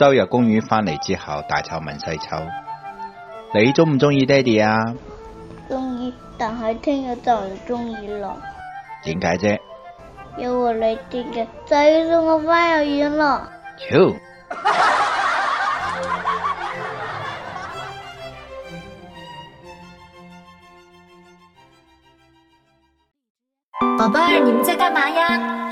周日公園翻嚟之後，大抽問細抽，你中唔中意爹哋啊？中意，但係聽日就唔中意咯。點解啫？要我你啲嘅，就送我翻幼兒園咯。超！寶寶，你們在幹嘛呀？